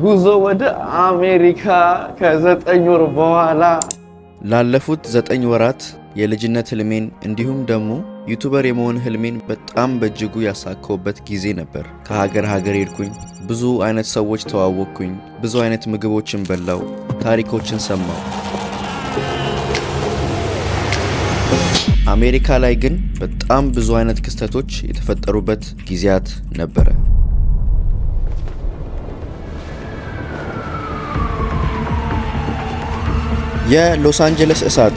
ጉዞ ወደ አሜሪካ ከዘጠኝ ወር በኋላ ላለፉት ዘጠኝ ወራት የልጅነት ህልሜን እንዲሁም ደግሞ ዩቱበር የመሆን ህልሜን በጣም በእጅጉ ያሳካውበት ጊዜ ነበር። ከሀገር ሀገር ሄድኩኝ፣ ብዙ አይነት ሰዎች ተዋወቅኩኝ፣ ብዙ አይነት ምግቦችን በላው፣ ታሪኮችን ሰማው። አሜሪካ ላይ ግን በጣም ብዙ አይነት ክስተቶች የተፈጠሩበት ጊዜያት ነበረ። የሎስ አንጀለስ እሳት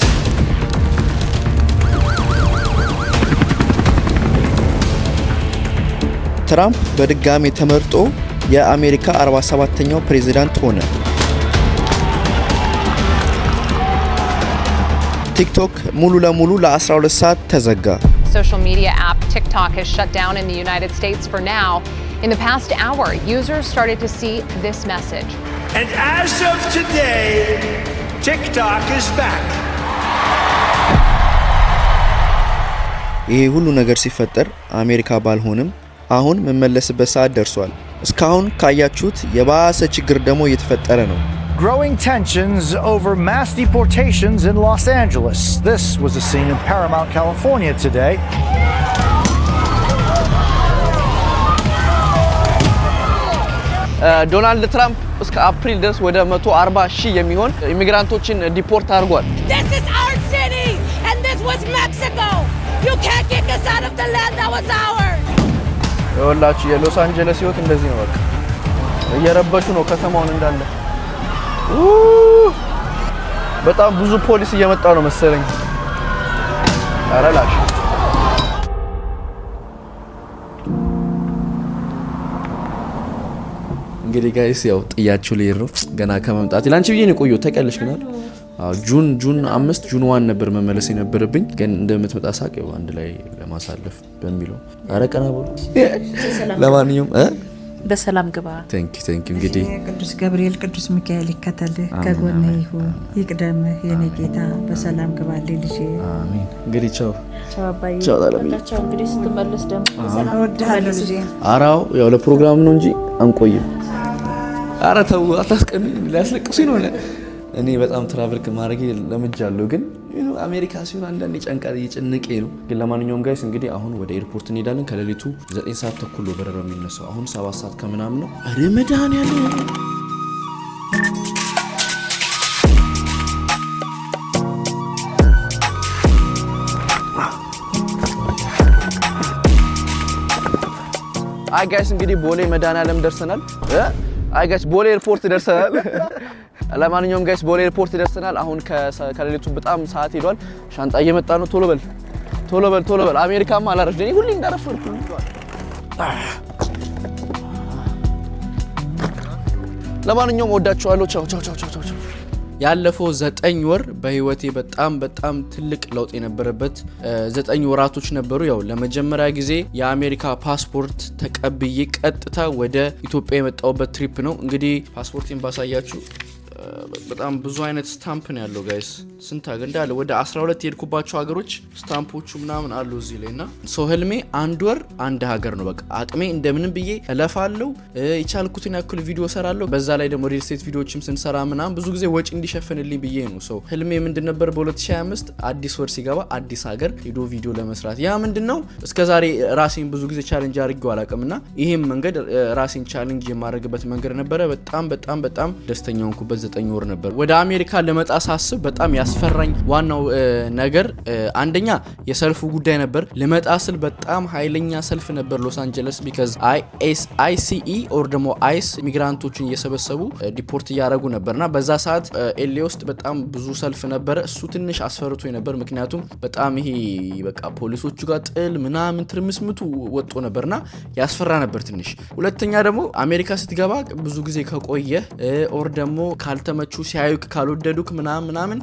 ትራምፕ በድጋሚ ተመርጦ የአሜሪካ 47ኛው ፕሬዝዳንት ሆነ። ቲክቶክ ሙሉ ለሙሉ ለ12 ሰዓት ተዘጋ። today, ቲክቶክ ኢዝ ባክ። ይሄ ሁሉ ነገር ሲፈጠር አሜሪካ ባልሆንም አሁን የምመለስበት ሰዓት ደርሷል። እስካሁን ካያችሁት የባሰ ችግር ደግሞ እየተፈጠረ ነው። Growing tensions over mass deportations in Los Angeles. This was a scene in Paramount, California today. ዶናልድ ትራምፕ እስከ አፕሪል ድረስ ወደ 140 ሺህ የሚሆን ኢሚግራንቶችን ዲፖርት አድርጓል። ይኸውላችሁ የሎስ አንጀለስ ህይወት እንደዚህ ነው። በቃ እየረበሹ ነው ከተማውን እንዳለ። በጣም ብዙ ፖሊስ እየመጣ ነው መሰለኝ። ኧረ ላሽ እንግዲህ ጋይስ ያው ጥያችሁ ልሄድ ነው ገና ከመምጣት ላንቺ ብዬ ነው ቆየሁ። ታውቂያለሽ ግን ጁን ጁን አምስት ጁን ዋን ነበር መመለስ የነበረብኝ ግን እንደምትመጣ ሳቅ ያው አንድ ላይ ለማሳለፍ በሚለው አረ ቀና ብሎ ለማንኛውም በሰላም ግባ። ቴንክ ቴንክ። እንግዲህ ቅዱስ ገብርኤል ቅዱስ ሚካኤል ይከተል ከጎን ይሁን ይቅደም የኔ ጌታ። በሰላም ግባ ልጅ። አሜን። እንግዲህ ቻው ቻው። እንግዲህ ስትመለስ ደግሞ እወድሃለሁ ልጄ። አራው ያው ለፕሮግራም ነው እንጂ አንቆይም። አረ ተው አታስቀሚ፣ ሊያስለቅሱኝ ነው። እኔ በጣም ትራቨል ማድረግ ለምጃለሁ፣ ግን አሜሪካ ሲሆን አንዳንድ ይጨንቃል፣ እየጨነቄ ነው። ግን ለማንኛውም ጋይስ እንግዲህ አሁን ወደ ኤርፖርት እንሄዳለን። ከሌሊቱ ዘጠኝ ሰዓት ተኩል ነው በረራው የሚነሳው። አሁን ሰባት ሰዓት ከምናምን ነው። ኧረ መድኃኒዓለም አይ ጋይስ እንግዲህ ቦሌ መድኃኒዓለም ደርሰናል። አይ ጋይስ ቦሌ ኤርፖርት ደርሰናል። ለማንኛውም ጋይስ ቦሌ ኤርፖርት ደርሰናል። አሁን ከሌሊቱ በጣም ሰዓት ሄዷል። ሻንጣ እየመጣ ነው። ቶሎ በል ቶሎ በል ቶሎ በል። አሜሪካማ አላረፍድ እኔ ሁሌ እንዳረፍርኩ ለማንኛውም ወዳችኋለሁ። ቻው ቻው ቻው ቻው። ያለፈው ዘጠኝ ወር በህይወቴ በጣም በጣም ትልቅ ለውጥ የነበረበት ዘጠኝ ወራቶች ነበሩ። ያው ለመጀመሪያ ጊዜ የአሜሪካ ፓስፖርት ተቀብዬ ቀጥታ ወደ ኢትዮጵያ የመጣውበት ትሪፕ ነው። እንግዲህ ፓስፖርቴን ባሳያችሁ በጣም ብዙ አይነት ስታምፕ ነው ያለው ጋይስ። ስንት ሀገር እንዳለ ወደ 12 የሄድኩባቸው ሀገሮች ስታምፖቹ ምናምን አሉ እዚህ ላይ እና ሰው ህልሜ አንድ ወር አንድ ሀገር ነው። በቃ አቅሜ እንደምንም ብዬ እለፋለው የቻልኩትን ያክል ቪዲዮ ሰራለሁ። በዛ ላይ ደግሞ ሪል ስቴት ቪዲዮዎችም ስንሰራ ምናምን ብዙ ጊዜ ወጪ እንዲሸፍንልኝ ብዬ ነው። ሰው ህልሜ ምንድን ነበር? በ2025 አዲስ ወር ሲገባ አዲስ ሀገር ሄዶ ቪዲዮ ለመስራት። ያ ምንድን ነው እስከዛሬ ራሴን ብዙ ጊዜ ቻለንጅ አድርጌው አላቅም ና ይህም መንገድ ራሴን ቻለንጅ የማድረግበት መንገድ ነበረ። በጣም በጣም በጣም ደስተኛ ሆንኩበት። ዘጠኝ ወር ነበር። ወደ አሜሪካ ልመጣ ሳስብ በጣም ያስፈራኝ ዋናው ነገር አንደኛ የሰልፉ ጉዳይ ነበር። ልመጣ ስል በጣም ኃይለኛ ሰልፍ ነበር ሎስ አንጀለስ ቢካዝ አይሲኢ ኦር ደግሞ አይስ ሚግራንቶችን እየሰበሰቡ ዲፖርት እያደረጉ ነበርና በዛ ሰዓት ኤሌ ውስጥ በጣም ብዙ ሰልፍ ነበረ። እሱ ትንሽ አስፈርቶ ነበር፣ ምክንያቱም በጣም ይሄ በቃ ፖሊሶቹ ጋር ጥል ምናምን ትርምስምቱ ወጦ ነበርና ያስፈራ ነበር ትንሽ። ሁለተኛ ደግሞ አሜሪካ ስትገባ ብዙ ጊዜ ከቆየ ኦር ደግሞ ካልተመቹ ሲያዩክ ካልወደዱክ ምናምን ምናምን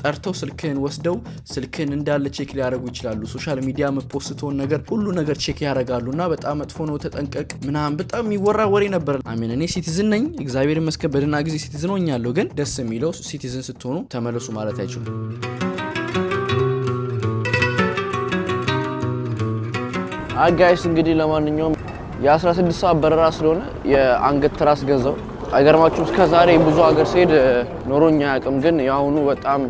ጠርተው ስልክህን ወስደው ስልክህን እንዳለ ቼክ ሊያደረጉ ይችላሉ። ሶሻል ሚዲያ የምትፖስተውን ነገር ሁሉ ነገር ቼክ ያደረጋሉ እና በጣም መጥፎ ነው፣ ተጠንቀቅ ምናምን በጣም የሚወራ ወሬ ነበር። አሜን እኔ ሲቲዝን ነኝ እግዚአብሔር ይመስገን በደህና ጊዜ ሲቲዝን ሆኛለሁ። ግን ደስ የሚለው ሲቲዝን ስትሆኑ ተመለሱ ማለት አይችሉም። አጋይስ እንግዲህ ለማንኛውም የ16 ሰዓት በረራ ስለሆነ የአንገት ትራስ ገዛው። አይገርማችሁም? እስከ ዛሬ ብዙ ሀገር ስሄድ ኖሮኛ አያውቅም፣ ግን የአሁኑ በጣም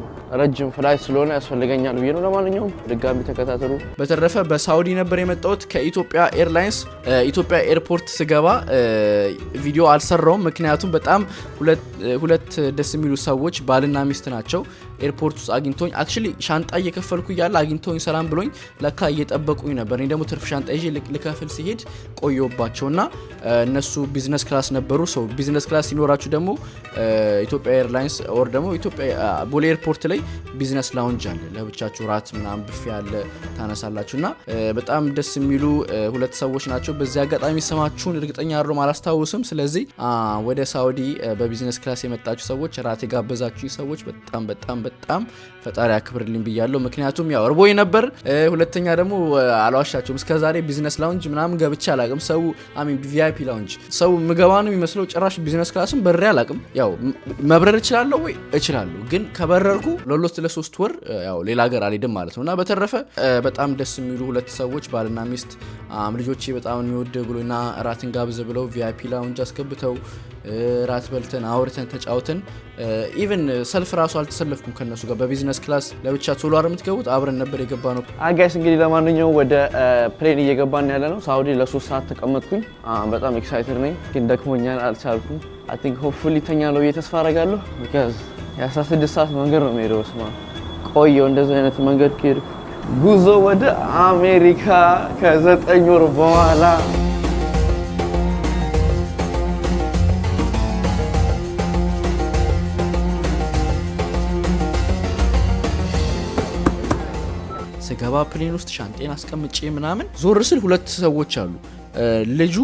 ረጅም ፍላይት ስለሆነ ያስፈልገኛል ብዬ ነው። ለማንኛውም ድጋሚ ተከታተሉ። በተረፈ በሳውዲ ነበር የመጣሁት ከኢትዮጵያ ኤርላይንስ። ኢትዮጵያ ኤርፖርት ስገባ ቪዲዮ አልሰራውም፣ ምክንያቱም በጣም ሁለት ደስ የሚሉ ሰዎች ባልና ሚስት ናቸው። ኤርፖርት ውስጥ አግኝቶኝ አክቹሊ ሻንጣ እየከፈልኩ እያለ አግኝቶኝ ሰላም ብሎኝ ለካ እየጠበቁኝ ነበር። እኔ ደግሞ ትርፍ ሻንጣ ይዤ ልከፍል ሲሄድ ቆየባቸውና እነሱ ቢዝነስ ክላስ ነበሩ። ሰው ቢዝነስ ክላስ ሲኖራችሁ ደግሞ ኢትዮጵያ ኤርላይንስ ኦር ደግሞ ኢትዮጵያ ቦሌ ኤርፖርት ላይ ቢዝነስ ላውንጅ አለ ለብቻችሁ ራት ምናምን ብፌ አለ ታነሳላችሁ። እና በጣም ደስ የሚሉ ሁለት ሰዎች ናቸው። በዚህ አጋጣሚ ስማችሁን እርግጠኛ አድሮም አላስታውስም። ስለዚህ ወደ ሳውዲ በቢዝነስ ክላስ የመጣችሁ ሰዎች ራት የጋበዛችሁ ሰዎች በጣም በጣም በጣም ፈጣሪ ያክብርልኝ ብያለሁ። ምክንያቱም ያው እርቦኝ ነበር። ሁለተኛ ደግሞ አልዋሻቸውም፣ እስከዛሬ ቢዝነስ ላውንጅ ምናምን ገብቼ አላቅም። ሰው አሚን ቪአይፒ ላውንጅ ሰው ምገባ ነው የሚመስለው። ጭራሽ ቢዝነስ ክላስም በሬ አላቅም። ያው መብረር እችላለሁ ወይ እችላለሁ፣ ግን ከበረርኩ ለሁለት ለሶስት ወር ያው ሌላ ሀገር አልሄድም ማለት ነው። እና በተረፈ በጣም ደስ የሚሉ ሁለት ሰዎች ባልና ሚስት ልጆቼ በጣም የሚወድ ብሎና እራትን ጋብዝ ብለው ቪአይፒ ላውንጅ አስገብተው ራት በልተን አውርተን ተጫውተን ኢቨን ሰልፍ ራሱ አልተሰለፍኩም ከነሱ ጋር በቢዝነስ ክላስ ለብቻ ቶሎ አር የምትገቡት አብረን ነበር የገባ ነው። አጋይስ እንግዲህ ለማንኛውም ወደ ፕሌን እየገባን ያለ ነው። ሳውዲ ለሶስት ሰዓት ተቀመጥኩኝ። በጣም ኤክሳይትድ ነኝ፣ ግን ደክሞኛል፣ አልቻልኩም። አይ ቲንክ ሆፕፉሊ ተኛለሁ ብዬ ተስፋ አደርጋለሁ። ቢካዝ የ16 ሰዓት መንገድ ነው የምሄደው። ስማ ቆየው እንደዚህ አይነት መንገድ ከሄድኩ ጉዞ ወደ አሜሪካ ከዘጠኝ ወር በኋላ ፕሌን ውስጥ ሻንጤን አስቀምጬ ምናምን ዞር ስል ሁለት ሰዎች አሉ። ልጁ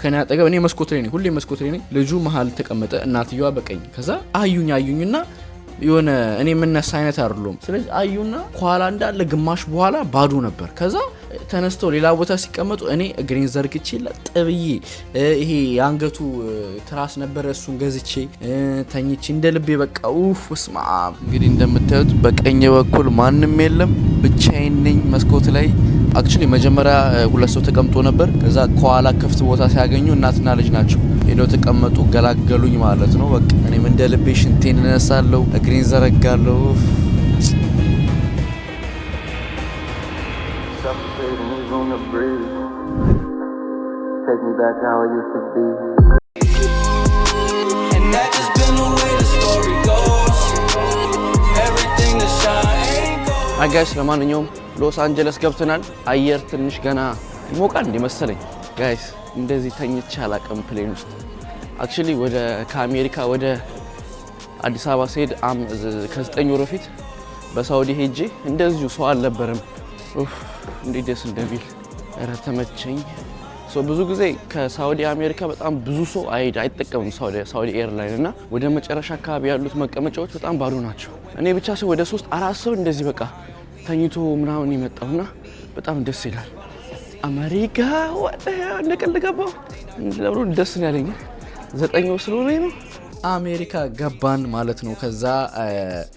ከኔ አጠገብ እኔ መስኮት ላይ ነኝ፣ ሁሌ መስኮት ላይ ነኝ። ልጁ መሀል ተቀመጠ፣ እናትየዋ በቀኝ። ከዛ አዩኝ አዩኝና የሆነ እኔ የምነሳ አይነት አይደለም። ስለዚህ አዩና ከኋላ እንዳለ ግማሽ በኋላ ባዶ ነበር። ከዛ ተነስተው ሌላ ቦታ ሲቀመጡ እኔ እግሬን ዘርግቼ ጥብዬ ይሄ የአንገቱ ትራስ ነበረ፣ እሱን ገዝቼ ተኝቼ እንደ ልቤ በቃ ኡፍ ስማ። እንግዲህ እንደምታዩት በቀኝ በኩል ማንም የለም፣ ብቻዬን ነኝ። መስኮት ላይ አክቹሊ መጀመሪያ ሁለት ሰው ተቀምጦ ነበር። ከዛ ከኋላ ክፍት ቦታ ሲያገኙ እናትና ልጅ ናቸው ሄደው ተቀመጡ፣ ገላገሉኝ ማለት ነው። በቃ እኔም እንደ ልቤ ሽንቴን እነሳለሁ፣ እግሬን ዘረጋለሁ። breathe. Take me back to how I used to be. And that just been the way the story goes. Everything that shine ain't gold. አይ ጋይስ ለማንኛውም ሎስ አንጀለስ ገብተናል። አየር ትንሽ ገና ይሞቃል እንደ ጋይስ እንደዚህ ተኝቼ አላቅም ፕሌን ውስጥ አክቹሊ ወደ ከአሜሪካ ወደ አዲስ አበባ ስሄድ ከዘጠኝ ወር በፊት በሳውዲ ሄጄ እንደዚሁ ሰው አልነበረም። እንዴት ደስ እንደሚል ኧረ ተመቸኝ። ብዙ ጊዜ ከሳውዲ አሜሪካ በጣም ብዙ ሰው አይድ አይጠቀምም ሳውዲ ኤርላይን እና ወደ መጨረሻ አካባቢ ያሉት መቀመጫዎች በጣም ባዶ ናቸው። እኔ ብቻ ሰው ወደ ሶስት አራት ሰው እንደዚህ በቃ ተኝቶ ምናምን የመጣውና በጣም ደስ ይላል። አሜሪካ ወደ እንደቀልድ ገባው ደስ ያለኝ ዘጠኛው ስለሆነ ነው። አሜሪካ ገባን ማለት ነው። ከዛ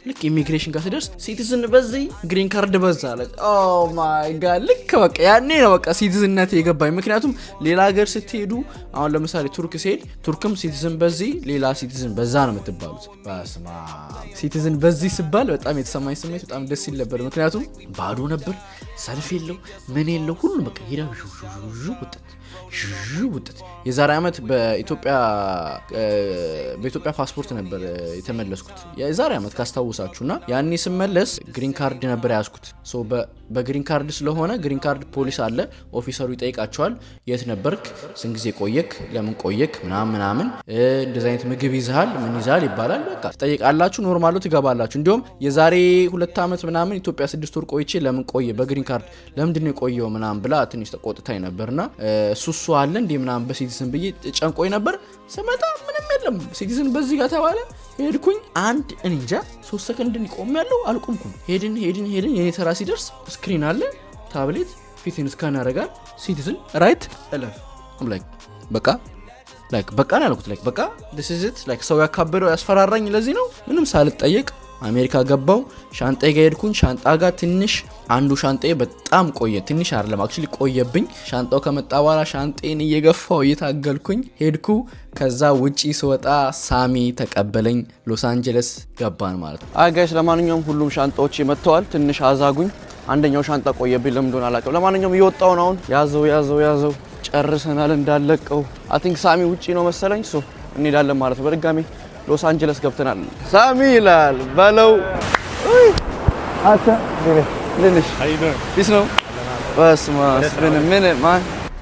ልክ ኢሚግሬሽን ጋር ስደርስ ሲቲዝን በዚህ ግሪን ካርድ በዛ አለ። ኦ ማይ ጋድ! ልክ በቃ ያኔ ነው በቃ ሲቲዝነት የገባኝ። ምክንያቱም ሌላ ሀገር ስትሄዱ አሁን ለምሳሌ ቱርክ ሲሄድ ቱርክም ሲቲዝን በዚህ ሌላ ሲቲዝን በዛ ነው የምትባሉት። በስማ ሲቲዝን በዚህ ሲባል በጣም የተሰማኝ ስሜት በጣም ደስ ይል ነበር። ምክንያቱም ባዶ ነበር፣ ሰልፍ የለው ምን የለው ሁሉም በቃ ሄዳ ውጠት ውጠት። የዛሬ ዓመት በኢትዮጵያ በኢትዮጵያ ፓስፖርት ነበር የተመለስኩት የዛሬ ዓመት ካስታውሳችሁ ያኔ ስመለስ ግሪን ካርድ ነበር ያዝኩት በ በግሪን ካርድ ስለሆነ ግሪን ካርድ ፖሊስ አለ። ኦፊሰሩ ይጠይቃቸዋል። የት ነበርክ፣ ስን ጊዜ ቆየክ፣ ለምን ቆየክ፣ ምናምን ምናምን፣ እንደዚህ አይነት ምግብ ይዛል ምን ይዛል ይባላል። በቃ ትጠይቃላችሁ፣ ኖርማሉ ትገባላችሁ። እንዲሁም የዛሬ ሁለት ዓመት ምናምን ኢትዮጵያ ስድስት ወር ቆይቼ ለምን ቆየ በግሪን ካርድ ለምንድን የቆየው ምናምን ብላ ትንሽ ተቆጥታኝ ነበርና እሱሱ አለ እንዲህ ምናምን በሲቲዝን ብዬ ጨንቆኝ ነበር። ስመጣ ምንም የለም ሲቲዝን በዚህ ጋር ተባለ። ሄድኩኝ አንድ እንጃ ሶስት ሰከንድን ይቆም ያለው አልቆምኩም። ሄድን ሄድን ሄድን የኔ ተራ ሲደርስ ስክሪን አለ፣ ታብሌት ፊትን ስካን ያደረጋል ሲቲዝን ራይት እለፍ በቃ በቃ ነው ያልኩት። ላይክ በቃ ዲስ ላይክ ሰው ያካበደው ያስፈራራኝ ለዚህ ነው። ምንም ሳልጠየቅ አሜሪካ ገባው። ሻንጤ ጋር ሄድኩኝ። ሻንጣ ጋር ትንሽ አንዱ ሻንጤ በጣም ቆየ። ትንሽ አይደለም አክ ቆየብኝ። ሻንጣው ከመጣ በኋላ ሻንጤን እየገፋው እየታገልኩኝ ሄድኩ። ከዛ ውጪ ስወጣ ሳሚ ተቀበለኝ። ሎስ አንጀለስ ገባን ማለት ነው። አይ ጋይስ፣ ለማንኛውም ሁሉም ሻንጣዎች መጥተዋል። ትንሽ አዛጉኝ አንደኛው ሻንጣ ቆየብኝ፣ ለምንድን አላውቅም። ለማንኛውም እየወጣው ነው አሁን። ያዘው ያዘው ያዘው፣ ጨርሰናል። እንዳለቀው አይ ቲንክ ሳሚ ውጪ ነው መሰለኝ። እሱ እንሄዳለን ማለት ነው። በድጋሚ ሎስ አንጀለስ ገብተናል። ሳሚ ይላል በለው።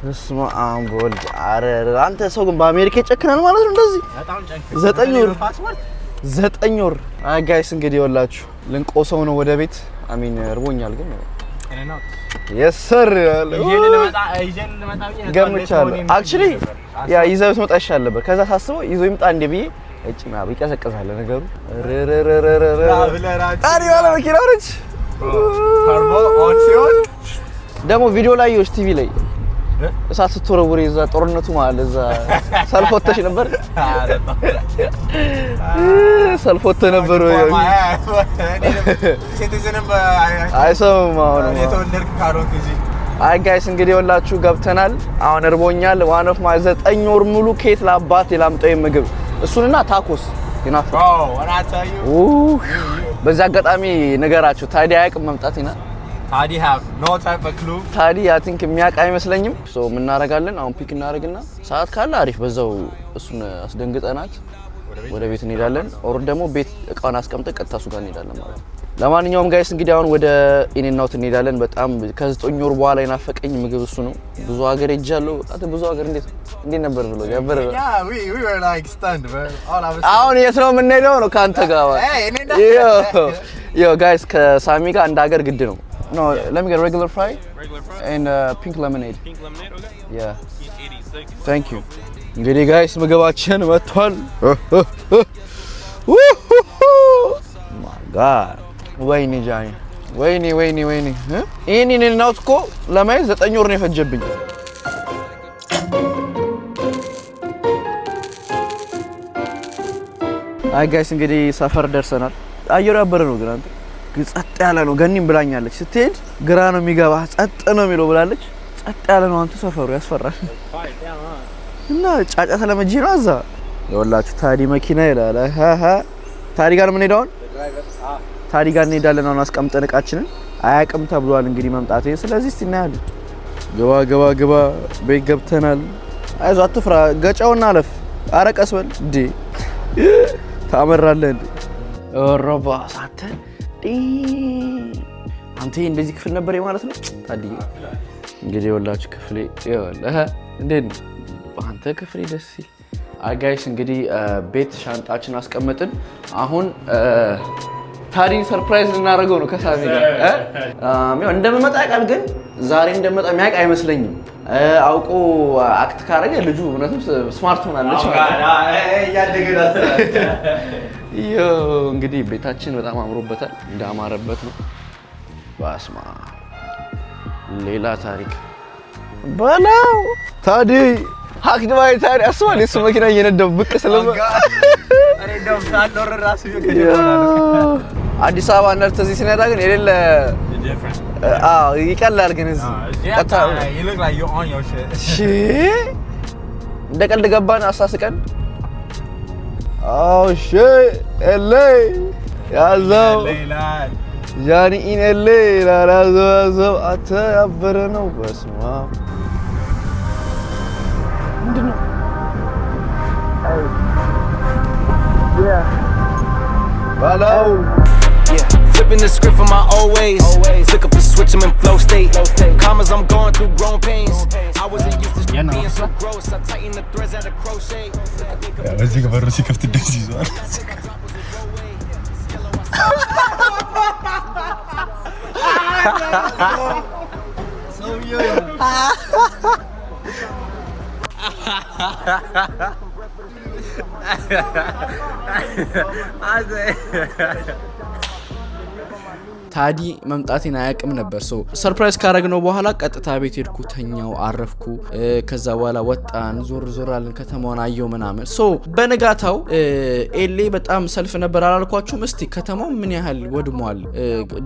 በስመ አብ ወልድ። ኧረ አንተ ሰው ግን በአሜሪካ ይጨክናል ማለት ነው እንደዚህ ዘጠኝ ወር ዘጠኝ ወር። አይ ጋይስ እንግዲህ ወላችሁ ልንቆሰው ነው ወደ ቤት አሚን እርቦኛል ግን የሰር ገምቻለሁ። አክቹሊ ያ ይዘህ ብትመጣ ይሻል ነበር። ከዛ ሳስበው ይዞ ይምጣ እንዴ ብዬ እጭ ምናምን ይቀዘቅዛል ነገሩ። ባለ መኪና ነች ደግሞ ቪዲዮ ላይ ዮች ቲቪ ላይ እሳት ስትወረውሪ እዛ ጦርነቱ ማለት እዛ ሰልፍ ወተሽ ነበር? ሰልፍ ወተ ነበር ወይ? አይሰማም። አይ ጋይስ እንግዲህ ወላችሁ ገብተናል። አሁን እርቦኛል። ዋን ኦፍ ማይ ዘጠኝ ወር ሙሉ ኬት ለአባት የላምጠው ምግብ እሱንና ታኮስ ይናፍ oh, በዚህ አጋጣሚ ነገራችሁ ታዲያ አያውቅም መምጣት ይናል ታዲ አይ ቲንክ የሚያውቅ አይመስለኝም። የምናረጋለን አሁን ፒክ እናደርግና ሰዓት ካለ አሪፍ በዛው እሱን አስደንግጠናት ወደ ቤት እንሄዳለን። ኦር ደግሞ ቤት እቃውን አስቀምጠ ቀጥታ እሱ ጋር እንሄዳለን ማለት ነው። ለማንኛውም ጋይስ እንግዲህ አሁን ወደ ኢኔናውት እንሄዳለን። በጣም ከዘጠኝ ወር በኋላ የናፈቀኝ ምግብ እሱ ነው። ብዙ ሀገር ሄጃለሁ። ብዙ ሀገር እንዴት ነበር ብሎ ነበር። አሁን የት ነው የምንሄደው? ነው ከአንተ ጋር ጋይስ ከሳሚ ጋር አንድ ሀገር ግድ ነው No, yeah. let me get regular fry. Regular fry. And uh, pink lemonade. Pink lemonade, okay. Yeah. Thank you. እንግዲህ ጋይስ ምግባችን መጥቷል። ማጋድ ወይኔ ጃኒ፣ ወይኔ ወይኔ ወይኔ። ይህን ኢንናውት እኮ ለማየት ዘጠኝ ወር ነው የፈጀብኝ። አይ ጋይስ እንግዲህ ሰፈር ደርሰናል። አየሩ ያበረ ነው ግን አንተ ጸጥ ያለ ነው። ገኒም ብላኛለች ስትሄድ ግራ ነው የሚገባ ጸጥ ነው የሚለው ብላለች። ጸጥ ያለ ነው። አንተ ሰፈሩ ያስፈራል። እና ጫጫ ስለመጂ ነው እዛ የወላችሁ ታዲ መኪና ይላል። ታዲ ጋር ምን ሄዳውን ታዲ ጋር እንሄዳለን። አሁን አስቀምጠን እቃችንን አያቅም ተብሏል እንግዲህ መምጣት። ስለዚህ እስቲ እናያለን። ግባ ግባ ግባ፣ ቤት ገብተናል። አይዞ አትፍራ፣ ገጫውና አለፍ። አረቀስ በል እንዴ ታመራለህ እንዴ ሳተን አንተ እንደዚህ ክፍል ነበር ማለት ነው። ታድዬ እንግዲህ የወላችሁ ክፍሌ እንዴት ነው አንተ ክፍሌ ደስ ሲል አጋይስ። እንግዲህ ቤት ሻንጣችን አስቀመጥን። አሁን ታሪን ሰርፕራይዝ ልናደርገው ነው ከሳሚ ጋር እንደምመጣ ያውቃል፣ ግን ዛሬ እንደመጣ የሚያውቅ አይመስለኝም። አውቆ አክት ካረገ ልጁ እውነትም ስማርት ሆናለች። እንግዲህ ቤታችን በጣም አምሮበታል። እንዳማረበት ነው። በስማ ሌላ ታሪክ በለው ታዲ ሀክድባይ ታዲ አስባል የሱ መኪና እየነዳው ብቅ ስለመ አዲስ አበባ እንዳልተ እዚህ ሲነዳ ግን የሌለ ይቀላል። ግን እዚህ እንደ ቀልድ ገባን አሳስቀን Oh shit, LA. That's up. LA live. Johnny in LA. That's up. That's up. I tell you, I better know what's up. Yeah. Hello. Oh, yeah, flipping the script for my always. always. Look up the switch them in flow state. Commas, I'm going through grown pains. I wasn't used to yeah, being so gross. I tighten the threads at a crochet. Yeah, let's Я возьми говорю, сика в тебе сезон. So young. I say. ታዲ መምጣቴን አያውቅም ነበር። ሶ ሰርፕራይዝ ካረግነው በኋላ ቀጥታ ቤት ሄድኩ፣ ተኛው፣ አረፍኩ። ከዛ በኋላ ወጣን፣ ዞር ዞር አለን፣ ከተማውን አየው ምናምን። ሶ በንጋታው ኤሌ በጣም ሰልፍ ነበር አላልኳችሁም? እስቲ ከተማው ምን ያህል ወድሟል።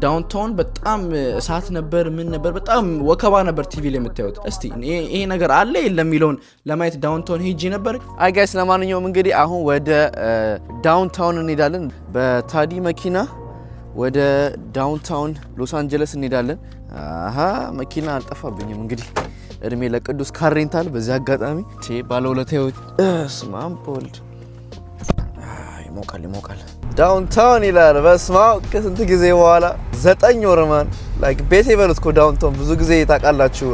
ዳውንታውን በጣም እሳት ነበር፣ ምን ነበር፣ በጣም ወከባ ነበር። ቲቪ ላይ የምታዩት እስቲ ይሄ ነገር አለ የለም የሚለውን ለማየት ዳውንታውን ሄጂ ነበር። አይ ጋይስ፣ ለማንኛውም እንግዲህ አሁን ወደ ዳውንታውን እንሄዳለን በታዲ መኪና ወደ ዳውንታውን ሎስ አንጀለስ እንሄዳለን። አሀ መኪና አልጠፋብኝም። እንግዲህ እድሜ ለቅዱስ ካር ሬንታል። በዚህ አጋጣሚ ባለውለታዎች ስማምፖልድ ይሞቃል ይሞቃል ዳውንታውን ይላል። በስማ ከስንት ጊዜ በኋላ ዘጠኝ ወርማን ላይክ ቤት ይበሉት እኮ ዳውንታውን ብዙ ጊዜ ታውቃላችሁ።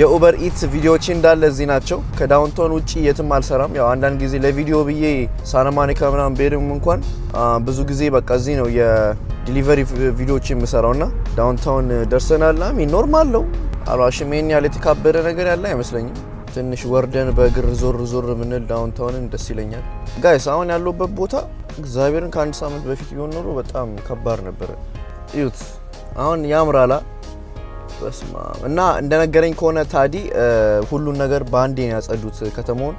የኡበር ኢት ቪዲዮዎች እንዳለ እዚህ ናቸው። ከዳውንታውን ውጭ የትም አልሰራም። ያው አንዳንድ ጊዜ ለቪዲዮ ብዬ ሳነማኒካ ምናምን ብሄድም እንኳን ብዙ ጊዜ በቃ እዚህ ነው ዲሊቨሪ ቪዲዮዎች የምሰራው ና ዳውንታውን ደርሰናል። አሚ ኖርማል ነው አልዋሽም። ይሄን ያለ የተካበደ ነገር ያለ አይመስለኝም። ትንሽ ወርደን በእግር ዞር ዞር የምንል ዳውንታውንን ደስ ይለኛል። ጋይስ አሁን ያለውበት ቦታ እግዚአብሔርን ከአንድ ሳምንት በፊት ቢሆን ኖሮ በጣም ከባድ ነበረ። እዩት አሁን ያምራላ እና እንደነገረኝ ከሆነ ታዲ ሁሉን ነገር በአንዴ ያጸዱት ከተማውን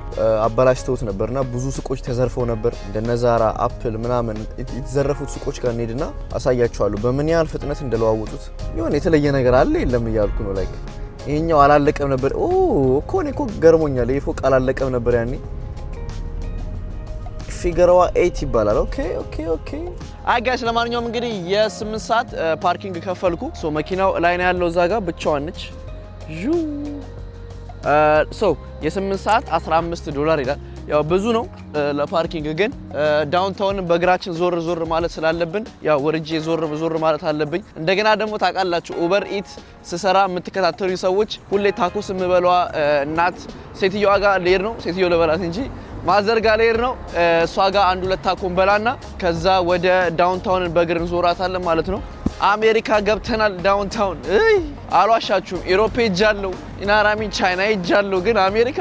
አበላሽተውት ነበርና ብዙ ሱቆች ተዘርፈው ነበር። እንደነ ዛራ፣ አፕል ምናምን የተዘረፉት ሱቆች ጋር እንሄድና አሳያችኋለሁ በምን ያህል ፍጥነት እንደለዋወጡት። የሆነ የተለየ ነገር አለ የለም እያልኩ ነው። ላይክ ይሄኛው አላለቀም ነበር እኮ እኔ እኮ ገርሞኛል። ይሄ ፎቅ አላለቀም ነበር ያኔ ፊገረዋ ኤት ይባላል። ኦኬ ኦኬ ኦኬ። አይ ጋይስ፣ ለማንኛውም እንግዲህ የስምንት ሰዓት ፓርኪንግ ከፈልኩ። ሶ መኪናው ላይ ነው ያለው እዛ ጋር ብቻዋን ነች። ሶ የስምንት ሰዓት 15 ዶላር ይላል። ያው ብዙ ነው ለፓርኪንግ ግን ዳውንታውን በእግራችን ዞር ዞር ማለት ስላለብን ያው ወርጄ ዞር ዞር ማለት አለብኝ። እንደገና ደግሞ ታውቃላችሁ ኡበር ኢት ስሰራ የምትከታተሉ ሰዎች ሁሌ ታኮስ የምበሏ እናት ሴትዮዋ ጋር ልሄድ ነው ሴትዮ ልበላት እንጂ ማዘር ጋሌር ነው። እሷ ጋር አንድ ሁለት በላና ከዛ ወደ ዳውንታውንን በእግር እንዞራታለን ማለት ነው። አሜሪካ ገብተናል። ዳውንታውን አሏሻችሁም ኢሮፕ ሄጃለሁ፣ ኢናራሚን ቻይና ሄጃለሁ፣ ግን አሜሪካ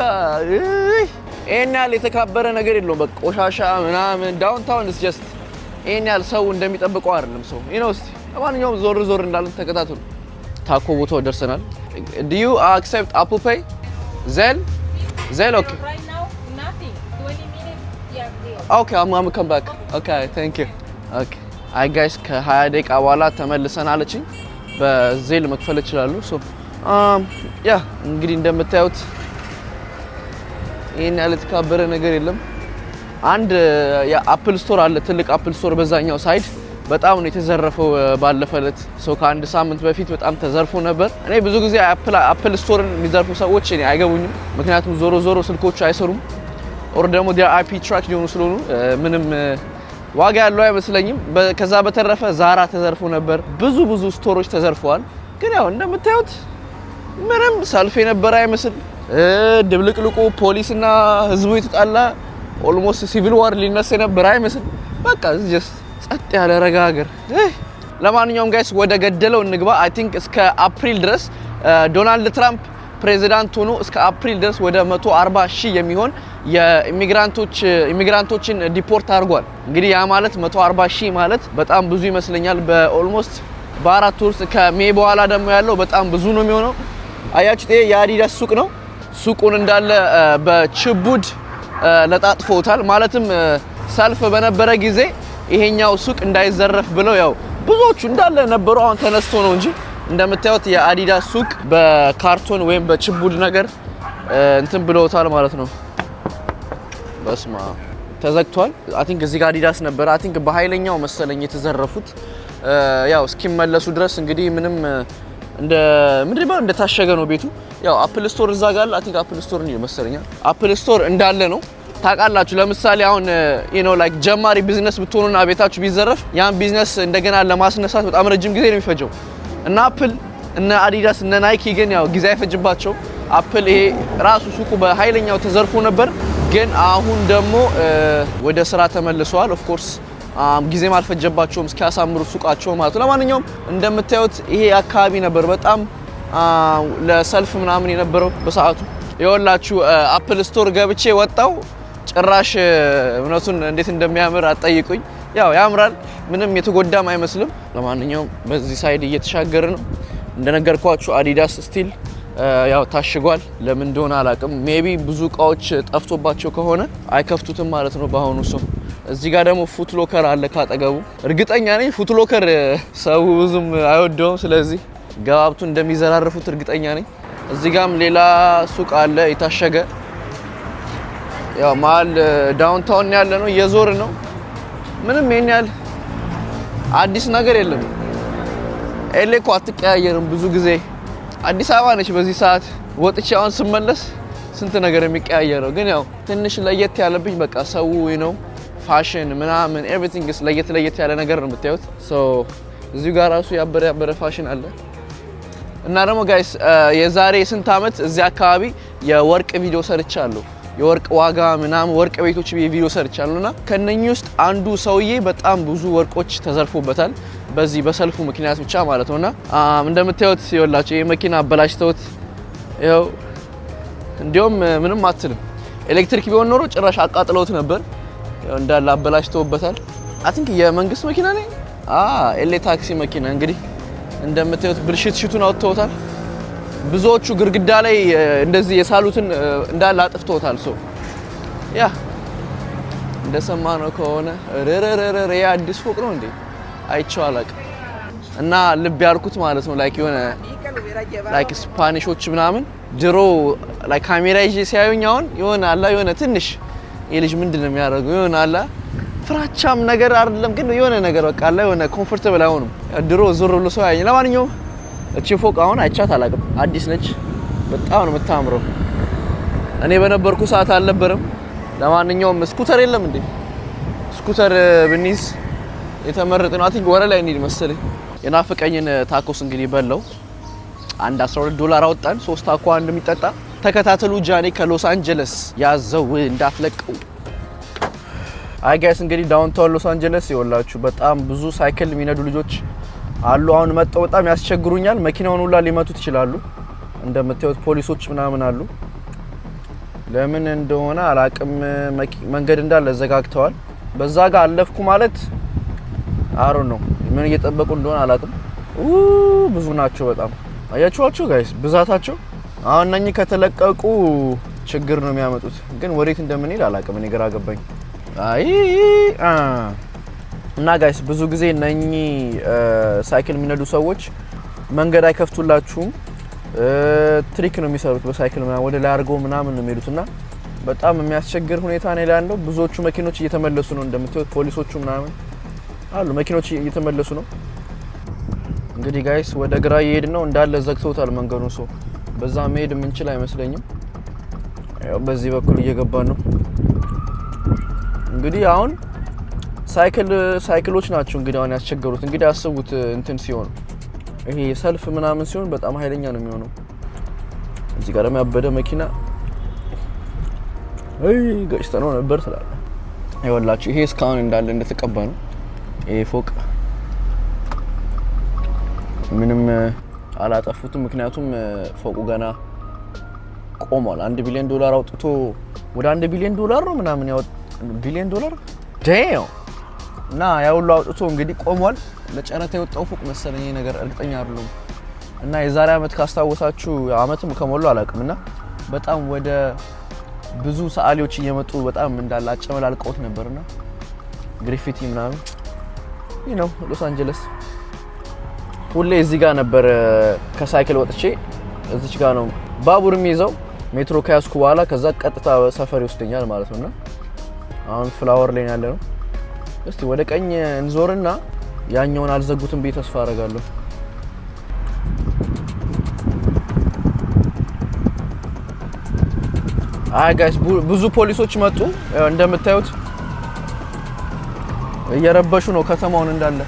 ይህን ያህል የተካበረ ነገር የለውም። በቃ ቆሻሻ ምናምን ዳውንታውን ስ ጀስት ይህን ያህል ሰው እንደሚጠብቀው አይደለም ሰው ይነው ስ ለማንኛውም ዞር ዞር እንዳለን ተከታተሉ። ታኮ ቦታው ደርሰናል። ዲዩ አክሴፕት አፕል ፔይ ዜል ዜል ኦኬ ኦኬ አም ከም ባክ ኦኬ ታንክ ዩ ኦኬ አይ ጋይስ ከ20 ደቂቃ በኋላ ተመልሰን አለችኝ። በዜል መክፈል ይችላሉ። ሶ ያ እንግዲህ እንደምታዩት ይሄን ያለ የተካበረ ነገር የለም። አንድ የአፕል ስቶር አለ፣ ትልቅ አፕል ስቶር በዛኛው ሳይድ በጣም ነው የተዘረፈው። ባለፈለት ሰው ከአንድ ሳምንት በፊት በጣም ተዘርፎ ነበር። እኔ ብዙ ጊዜ አፕል ስቶርን የሚዘርፉ ሰዎች እኔ አይገቡኝም፣ ምክንያቱም ዞሮ ዞሮ ስልኮቹ አይሰሩም። ኦር ደግሞ አይፒ ትራክ ሊሆኑ ስለሆኑ ምንም ዋጋ ያለው አይመስለኝም። ከዛ በተረፈ ዛራ ተዘርፎ ነበር። ብዙ ብዙ ስቶሮች ተዘርፈዋል። ግን ያው እንደምታዩት ምንም ሰልፍ የነበረ አይመስል ድብልቅልቁ ፖሊስና ህዝቡ የተጣላ ኦልሞስት ሲቪል ዋር ሊነሳ የነበረ አይመስል በቃ ጀስት ጸጥ ያለ ረጋ ሀገር። ለማንኛውም ጋይስ ወደ ገደለው እንግባ። አይ ቲንክ እስከ አፕሪል ድረስ ዶናልድ ትራምፕ ፕሬዚዳንት ሆኖ እስከ አፕሪል ድረስ ወደ 140 ሺህ የሚሆን የኢሚግራንቶችን ኢሚግራንቶችን ዲፖርት አድርጓል። እንግዲህ ያ ማለት 140 ሺህ ማለት በጣም ብዙ ይመስለኛል። በኦልሞስት በአራት ወር ከሜ በኋላ ደግሞ ያለው በጣም ብዙ ነው የሚሆነው። አያችሁት? ይሄ የአዲዳስ ሱቅ ነው። ሱቁን እንዳለ በችቡድ ለጣጥፎታል። ማለትም ሰልፍ በነበረ ጊዜ ይሄኛው ሱቅ እንዳይዘረፍ ብለው ያው ብዙዎቹ እንዳለ ነበሩ። አሁን ተነስቶ ነው እንጂ እንደምታዩት የአዲዳስ ሱቅ በካርቶን ወይም በችቡድ ነገር እንትን ብለውታል ማለት ነው። በስማ ተዘግቷል። አይ ቲንክ እዚህ ጋር አዲዳስ ነበረ። አይ ቲንክ በኃይለኛው መሰለኝ የተዘረፉት። ያው እስኪመለሱ ድረስ እንግዲህ ምንም እንደ ምድር ባው እንደታሸገ ነው ቤቱ። ያው አፕል ስቶር እዛ ጋር አለ። አይ ቲንክ አፕል ስቶር ነው መሰለኛል። አፕል ስቶር እንዳለ ነው። ታውቃላችሁ ለምሳሌ አሁን ዩ ኖ ላይክ ጀማሪ ቢዝነስ ብትሆኑና ቤታችሁ ቢዘረፍ ያን ቢዝነስ እንደገና ለማስነሳት በጣም ረጅም ጊዜ ነው የሚፈጀው እና አፕል እነ አዲዳስ እነ ናይኪ ግን ያው ጊዜ አይፈጅባቸው አፕል ይሄ ራሱ ሱቁ በኃይለኛው ተዘርፎ ነበር፣ ግን አሁን ደግሞ ወደ ስራ ተመልሰዋል። ኦፍኮርስ ጊዜም አልፈጀባቸውም እስኪያሳምሩ ሱቃቸው ማለት ነው። ለማንኛውም እንደምታዩት ይሄ አካባቢ ነበር በጣም ለሰልፍ ምናምን የነበረው በሰዓቱ። የወላችሁ አፕል ስቶር ገብቼ ወጣው ጭራሽ እውነቱን እንዴት እንደሚያምር አጠይቁኝ። ያው ያምራል፣ ምንም የተጎዳም አይመስልም። ለማንኛውም በዚህ ሳይድ እየተሻገር ነው እንደነገርኳችሁ አዲዳስ ስቲል ያው ታሽጓል። ለምን እንደሆነ አላውቅም። ሜቢ ብዙ እቃዎች ጠፍቶባቸው ከሆነ አይከፍቱትም ማለት ነው በአሁኑ ሰው። እዚህ ጋር ደግሞ ፉት ሎከር አለ ካጠገቡ። እርግጠኛ ነኝ ፉት ሎከር ሰው ብዙም አይወደውም፣ ስለዚህ ገባብቱ እንደሚዘራርፉት እርግጠኛ ነኝ። እዚህ ጋም ሌላ ሱቅ አለ የታሸገ። ያው መሀል ዳውንታውን ያለ ነው፣ እየዞር ነው። ምንም ይሄን ያህል አዲስ ነገር የለም። ኤሌኮ አትቀያየርም ብዙ ጊዜ አዲስ አበባ ነች። በዚህ ሰዓት ወጥቼ አሁን ስመለስ ስንት ነገር የሚቀያየር ነው። ግን ያው ትንሽ ለየት ያለብኝ በቃ ሰው ነው ፋሽን ምናምን ኤቭሪቲንግ ለየት ለየት ያለ ነገር ነው የምታዩት። እዚሁ ጋር ራሱ ያበረ ያበረ ፋሽን አለ እና ደግሞ ጋይስ የዛሬ ስንት ዓመት እዚህ አካባቢ የወርቅ ቪዲዮ ሰርቻለሁ። የወርቅ ዋጋ ምናምን ወርቅ ቤቶች ቪዲዮ ሰርቻለሁ እና ከነኚህ ውስጥ አንዱ ሰውዬ በጣም ብዙ ወርቆች ተዘርፎበታል። በዚህ በሰልፉ ምክንያት ብቻ ማለት ነውና እንደምታዩት ይኸውላችሁ ይሄ መኪና አበላሽተውት ይኸው እንዲሁም ምንም አትልም። ኤሌክትሪክ ቢሆን ኖሮ ጭራሽ አቃጥለውት ነበር። እንዳለ አበላሽተውበታል። አይ ቲንክ የመንግስት መኪና ላይ ኤሌ ታክሲ መኪና እንግዲህ እንደምታዩት ብልሽት ሽቱን አውጥተውታል። ብዙዎቹ ግድግዳ ላይ እንደዚህ የሳሉትን እንዳለ አጥፍተውታል። ሰው ያ እንደሰማ ነው ከሆነ ርርርር አዲስ ፎቅ ነው እንዴ? አይቼው አላውቅም። እና ልብ ያልኩት ማለት ነው ላይክ የሆነ ላይክ ስፓኒሾች ምናምን ድሮ ላይክ ካሜራ ይዤ ሲያዩኝ አሁን የሆነ አላ የሆነ ትንሽ የልጅ ምንድን ነው የሚያደርገው የሆነ አላ ፍራቻም ነገር አይደለም ግን የሆነ ነገር በቃ አላ የሆነ ኮምፎርታብል አይሆንም። ድሮ ዞር ብሎ ሰው ያየኝ። ለማንኛውም እቺ ፎቅ አሁን አይቻት አላውቅም። አዲስ ነች። በጣም ነው የምታምረው። እኔ በነበርኩ ሰዓት አልነበረም። ለማንኛውም ስኩተር የለም እንዴ? ስኩተር ብንይዝ የተመረጠ ነው። አቲንግ ወረ ላይ እንሂድ መሰለኝ። የናፈቀኝን ታኮስ እንግዲህ በለው አንድ 12 ዶላር አወጣን። ሶስት ታኮ አንድ የሚጠጣ ተከታተሉ። ጃኔ ከሎስ አንጀለስ ያዘው እንዳትለቀው። አይ ጋይስ እንግዲህ ዳውንታውን ሎስ አንጀለስ ይወላችሁ በጣም ብዙ ሳይክል የሚነዱ ልጆች አሉ። አሁን መጣው በጣም ያስቸግሩኛል። መኪናውን ሁላ ሊመቱት ይችላሉ። እንደምታዩት ፖሊሶች ምናምን አሉ። ለምን እንደሆነ አላቅም። መንገድ እንዳለ ዘጋግተዋል። በዛ ጋር አለፍኩ ማለት አሮን ነው። ምን እየጠበቁ እንደሆነ አላውቅም። ብዙ ናቸው በጣም አያችኋቸው ጋይስ፣ ብዛታቸው አሁን እነኚህ ከተለቀቁ ችግር ነው የሚያመጡት። ግን ወዴት እንደምንሄድ አላውቅም። እኔ ግራ ገባኝ። አይ እና ጋይስ ብዙ ጊዜ እነኚህ ሳይክል የሚነዱ ሰዎች መንገድ አይከፍቱላችሁም። ትሪክ ነው የሚሰሩት በሳይክል ምናምን ወደ ላይ አድርገው ምናምን ነው የሚሄዱት እና በጣም የሚያስቸግር ሁኔታ ነው ያለው። ብዙዎቹ መኪኖች እየተመለሱ ነው እንደምታዩት ፖሊሶቹ ምናምን አሉ መኪኖች እየተመለሱ ነው። እንግዲህ ጋይስ ወደ ግራ እየሄድን ነው። እንዳለ ዘግተውታል መንገዱ ሰው በዛ መሄድ የምንችል አይመስለኝም። ያው በዚህ በኩል እየገባን ነው። እንግዲህ አሁን ሳይክል ሳይክሎች ናቸው እንግዲህ አሁን ያስቸገሩት። እንግዲህ አስቡት እንትን ሲሆን ይሄ ሰልፍ ምናምን ሲሆን በጣም ኃይለኛ ነው የሚሆነው። እዚህ ጋር ደግሞ ያበደ መኪና ገጭተ ነው ነበር ትላለ። ይኸውላችሁ ይሄ እስካሁን እንዳለ እንደተቀባ ነው። ይሄ ፎቅ ምንም አላጠፉትም። ምክንያቱም ፎቁ ገና ቆሟል። አንድ ቢሊዮን ዶላር አውጥቶ ወደ አንድ ቢሊዮን ዶላር ነው ምናምን ቢሊዮን ዶላር ደው እና ያ ሁሉ አውጥቶ እንግዲህ ቆሟል። ለጨረታ የወጣው ፎቅ መሰለኝ ይሄ ነገር እርግጠኛ አይደለሁም። እና የዛሬ አመት ካስታወሳችሁ አመትም ከሞሉ አላውቅም እና በጣም ወደ ብዙ ሰዓሊዎች እየመጡ በጣም እንዳለ አጨመላልቀውት ነበርና ግሪፊቲ ምናምን ነው ሎስ አንጀለስ። ሁሌ እዚህ ጋር ነበር ከሳይክል ወጥቼ እዚች ጋር ነው ባቡር የሚይዘው። ሜትሮ ከያዝኩ በኋላ ከዛ ቀጥታ ሰፈር ይወስደኛል ማለት ነውና አሁን ፍላወር ላይ ያለ ነው። እስቲ ወደ ቀኝ እንዞርና ያኛውን አልዘጉትም ብዬ ተስፋ አደርጋለሁ። አይ ጋይስ ብዙ ፖሊሶች መጡ እንደምታዩት እየረበሹ ነው ከተማውን እንዳለ።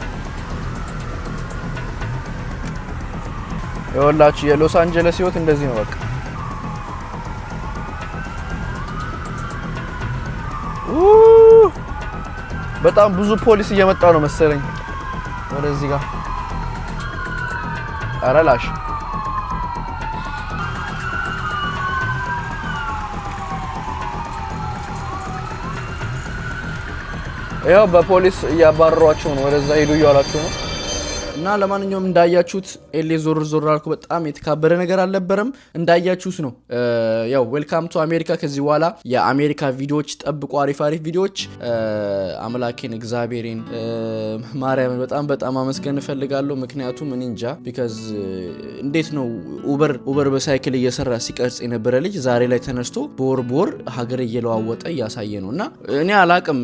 ይኸውላችሁ የሎስ አንጀለስ ህይወት እንደዚህ ነው በቃ። በጣም ብዙ ፖሊስ እየመጣ ነው መሰለኝ ወደዚህ ጋር አረላሽ ያው በፖሊስ እያባረሯቸው ነው። ወደዛ ሄዱ እያሏቸው ነው። እና ለማንኛውም እንዳያችሁት ኤሌ ዞር ዞር አልኩ። በጣም የተካበረ ነገር አልነበረም። እንዳያችሁት ነው ያው ዌልካም ቱ አሜሪካ። ከዚህ በኋላ የአሜሪካ ቪዲዮዎች ጠብቁ፣ አሪፍ አሪፍ ቪዲዮዎች። አምላኬን እግዚአብሔርን ማርያምን በጣም በጣም አመስገን እፈልጋለሁ። ምክንያቱም እኔ እንጃ ቢካዝ እንዴት ነው ኡበር ኡበር በሳይክል እየሰራ ሲቀርጽ የነበረ ልጅ ዛሬ ላይ ተነስቶ በወር በወር ሀገር እየለዋወጠ እያሳየ ነው እና እኔ አላቅም፣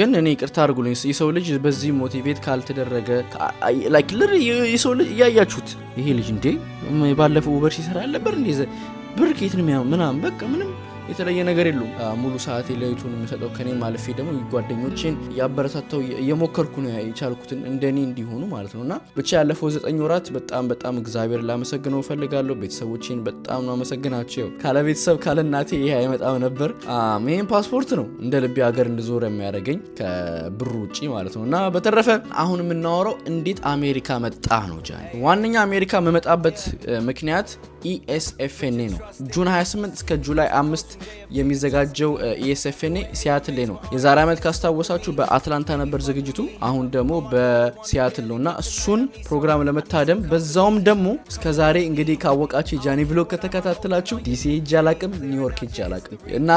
ግን እኔ ቅርታ አድርጉልኝ የሰው ልጅ በዚህ ሞቲቬት ካልተደረገ ልር የሰው ልጅ እያያችሁት ይሄ ልጅ እንዴ ባለፈው ውበር ሲሰራ ያለበር እንዴ ብር ኬት ነው ምናምን በቃ ምንም የተለየ ነገር የለውም። ሙሉ ሰዓት ለይቱን የሚሰጠው ከኔ ማለፌ ደግሞ ጓደኞችን እያበረታታው እየሞከርኩ ነው የቻልኩትን እንደኔ እንዲሆኑ ማለት ነው። እና ብቻ ያለፈው ዘጠኝ ወራት በጣም በጣም እግዚአብሔር ላመሰግነው እፈልጋለሁ። ቤተሰቦችን በጣም ነው አመሰግናቸው። ካለ ቤተሰብ ካለ እናቴ ይሄ አይመጣም ነበር። ይህም ፓስፖርት ነው እንደ ልቤ ሀገር እንድዞር የሚያደርገኝ ከብሩ ውጭ ማለት ነው። እና በተረፈ አሁን የምናወራው እንዴት አሜሪካ መጣ ነው። ዋነኛ አሜሪካ መመጣበት ምክንያት ኢኤስኤፍኤንኤ e ነው። ጁን 28 እስከ ጁላይ 5 የሚዘጋጀው ኢኤስኤፍኤንኤ e ሲያትሌ ነው። የዛሬ ዓመት ካስታወሳችሁ በአትላንታ ነበር ዝግጅቱ፣ አሁን ደግሞ በሲያትል ነው እና እሱን ፕሮግራም ለመታደም በዛውም ደግሞ እስከ ዛሬ እንግዲህ ካወቃችሁ የጃኒ ቪሎግ ከተከታተላችሁ ዲሲ ሄጅ አላቅም፣ ኒውዮርክ ሄጅ አላቅም እና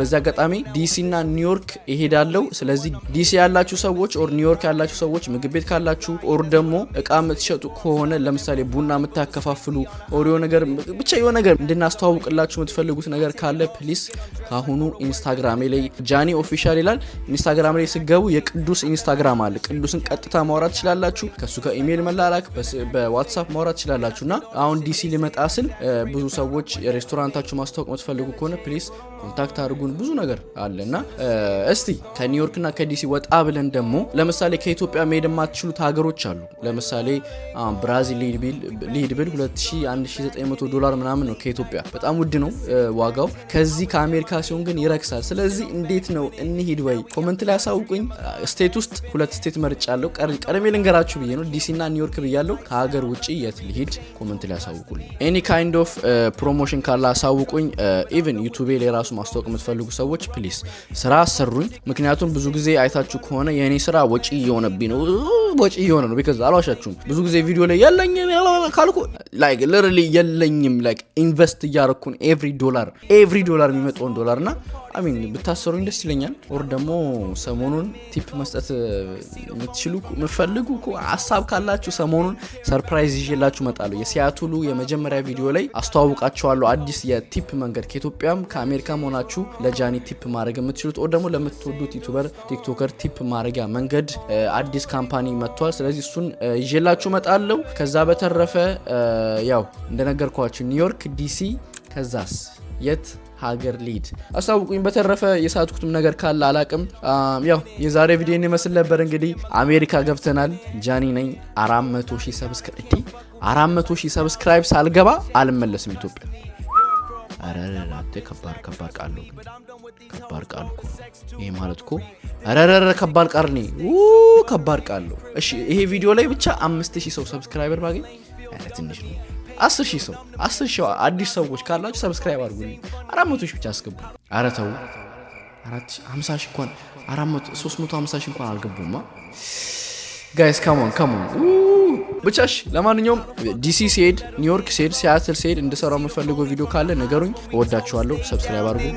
በዚህ አጋጣሚ ዲሲ እና ኒውዮርክ ይሄዳለው። ስለዚህ ዲሲ ያላችሁ ሰዎች ኦር ኒውዮርክ ያላችሁ ሰዎች ምግብ ቤት ካላችሁ ኦር ደግሞ እቃ የምትሸጡ ከሆነ ለምሳሌ ቡና የምታከፋፍሉ ኦሪዮ ነገር ብቻ የሆነ ነገር እንድናስተዋውቅላችሁ የምትፈልጉት ነገር ካለ ፕሊስ ከአሁኑ ኢንስታግራሜ ላይ ጃኒ ኦፊሻል ይላል። ኢንስታግራም ላይ ስገቡ የቅዱስ ኢንስታግራም አለ። ቅዱስን ቀጥታ ማውራት ትችላላችሁ። ከእሱ ከኢሜይል መላላክ፣ በዋትሳፕ ማውራት ትችላላችሁ። እና አሁን ዲሲ ሊመጣ ስል ብዙ ሰዎች የሬስቶራንታችሁ ማስተዋወቅ የምትፈልጉ ከሆነ ፕሊስ ኮንታክት አድርጉን። ብዙ ነገር አለ እና እስቲ ከኒውዮርክና ከዲሲ ወጣ ብለን ደግሞ ለምሳሌ ከኢትዮጵያ መሄድ የማትችሉት ሀገሮች አሉ። ለምሳሌ ብራዚል ሊድብል 29 300 ዶላር ምናምን ነው ከኢትዮጵያ በጣም ውድ ነው ዋጋው። ከዚህ ከአሜሪካ ሲሆን ግን ይረክሳል። ስለዚህ እንዴት ነው እንሂድ ወይ? ኮመንት ላይ ያሳውቁኝ። ስቴት ውስጥ ሁለት ስቴት ያለው ቀድሜ ልንገራችሁ ብዬ ነው ዲሲና ኒውዮርክ ብያለሁ። ከሀገር ውጭ የት ልሂድ? ኮመንት ላይ ያሳውቁልኝ። ኤኒ ካይንድ ኦፍ ፕሮሞሽን ካለ አሳውቁኝ። ኢቨን ዩቱቤ ላይ ራሱ ማስታወቅ የምትፈልጉ ሰዎች ፕሊስ ስራ አሰሩኝ። ምክንያቱም ብዙ ጊዜ አይታችሁ ከሆነ የእኔ ስራ ወጪ እየሆነብኝ ነው ወጪ እየሆነ ነው። ቢካዝ አልዋሻችሁም ብዙ ጊዜ ቪዲዮ ላይ ያለኝ ካልኩ ላይ ልርል የለ የለኝም ላይክ ኢንቨስት እያረኩን ኤቭሪ ዶላር ኤቭሪ ዶላር የሚመጣውን ዶላር እና አሚን ብታሰሩኝ ደስ ይለኛል። ወር ደግሞ ሰሞኑን ቲፕ መስጠት የምትችሉ የምፈልጉ ሀሳብ ካላችሁ ሰሞኑን ሰርፕራይዝ ይዤላችሁ እመጣለሁ። የሲያቱሉ የመጀመሪያ ቪዲዮ ላይ አስተዋውቃቸዋለሁ አዲስ የቲፕ መንገድ ከኢትዮጵያም ከአሜሪካም ሆናችሁ ለጃኒ ቲፕ ማድረግ የምትችሉት ወር ደግሞ ለምትወዱት ዩቱበር ቲክቶከር ቲፕ ማድረጊያ መንገድ አዲስ ካምፓኒ መጥቷል። ስለዚህ እሱን ይዤላችሁ መጣለው ከዛ በተረፈ ያው እንደነገርኳችሁ ኒውዮርክ፣ ዲሲ ከዛስ የት ሀገር ሊድ አስታውቁኝ። በተረፈ የሳትኩትም ነገር ካለ አላቅም። ያው የዛሬ ቪዲዮ ይመስል ነበር። እንግዲህ አሜሪካ ገብተናል። ጃኒ ነኝ። 400 ሺህ ሰብስክራ እዲ 400 ሺህ ሰብስክራይብ ሳልገባ አልመለስም ኢትዮጵያ። ረረራተ ከባድ ከባድ ቃል ነው። ከባድ ቃል እኮ ይሄ ማለት እኮ ረረረ ከባድ ቃል ነው። ከባድ ቃል ነው። እሺ ይሄ ቪዲዮ ላይ ብቻ 5000 ሰው ሰብስክራይበር ባገኝ ትንሽ ነው። አስር ሺህ ሰው አስር ሺህ አዲስ ሰዎች ካላችሁ ሰብስክራይብ አድርጉልኝ። አራት መቶ ሺህ ብቻ አስገቡ። ኧረ ተው ሀምሳ ሺህ እንኳን ሶስት መቶ ሀምሳ ሺህ እንኳን አልገቡማ ጋይስ ከሞን ከሞን ብቻሽ ለማንኛውም ዲሲ ሲሄድ ኒውዮርክ ሲሄድ ሲያትል ሲሄድ እንድሰራው የምፈልገው ቪዲዮ ካለ ነገሩኝ። እወዳችኋለሁ። ሰብስክራይብ አድርጉ።